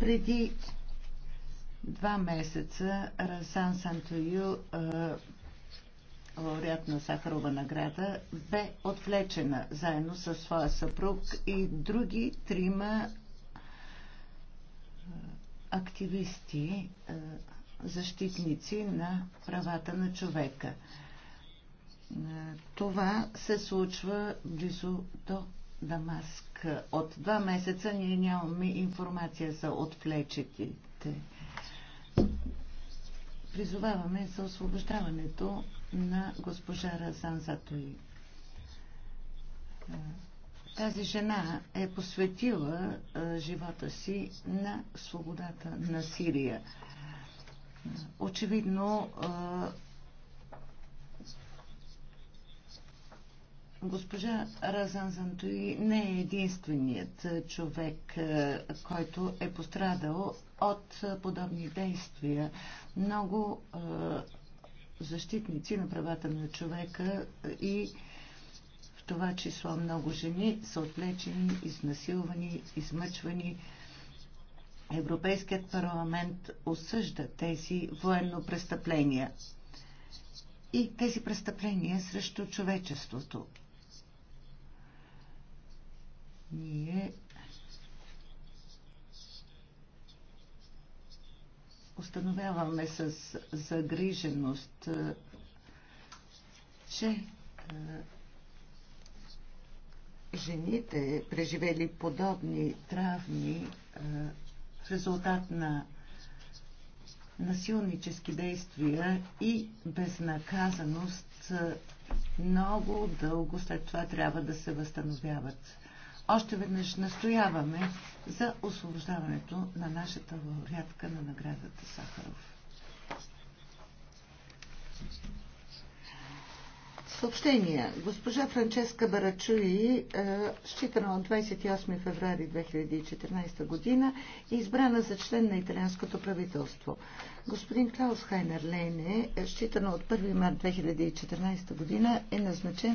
Преди два месеца Расан Сантою, лауреат на Сахарова награда, бе отвлечена заедно с своя съпруг и други трима активисти, защитници на правата на човека. Това се случва близо до Дамаск. От два месеца ние нямаме информация за отвлечетите. Призоваваме за освобождаването на госпожа Разан Затои. Тази жена е посветила живота си на свободата на Сирия. Очевидно Госпожа Разан Зантуи не е единственият е, човек, е, който е пострадал от е, подобни действия. Много защитници на правата на човека и в това число много жени са отвлечени, изнасилвани, измъчвани. Европейският парламент осъжда тези военно престъпления и тези престъпления срещу човечеството. установяваме с загриженост, е, че е, жените, преживели подобни травми е, в резултат на насилнически действия и безнаказаност, много дълго след това трябва да се възстановяват. Още веднъж настояваме за освобождаването на нашата лауреатка на наградата Сахаров. Съобщения. Госпожа Франческа Барачуи, е, считана от 28 феврари 2014 година, е избрана за член на италианското правителство. Господин Клаус Хайнер Лейне, е, считана от 1 март 2014 година, е назначен